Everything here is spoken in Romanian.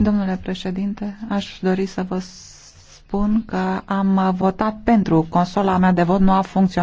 Domnule președinte, aș dori să vă spun că am votat pentru. Consola mea de vot nu a funcționat.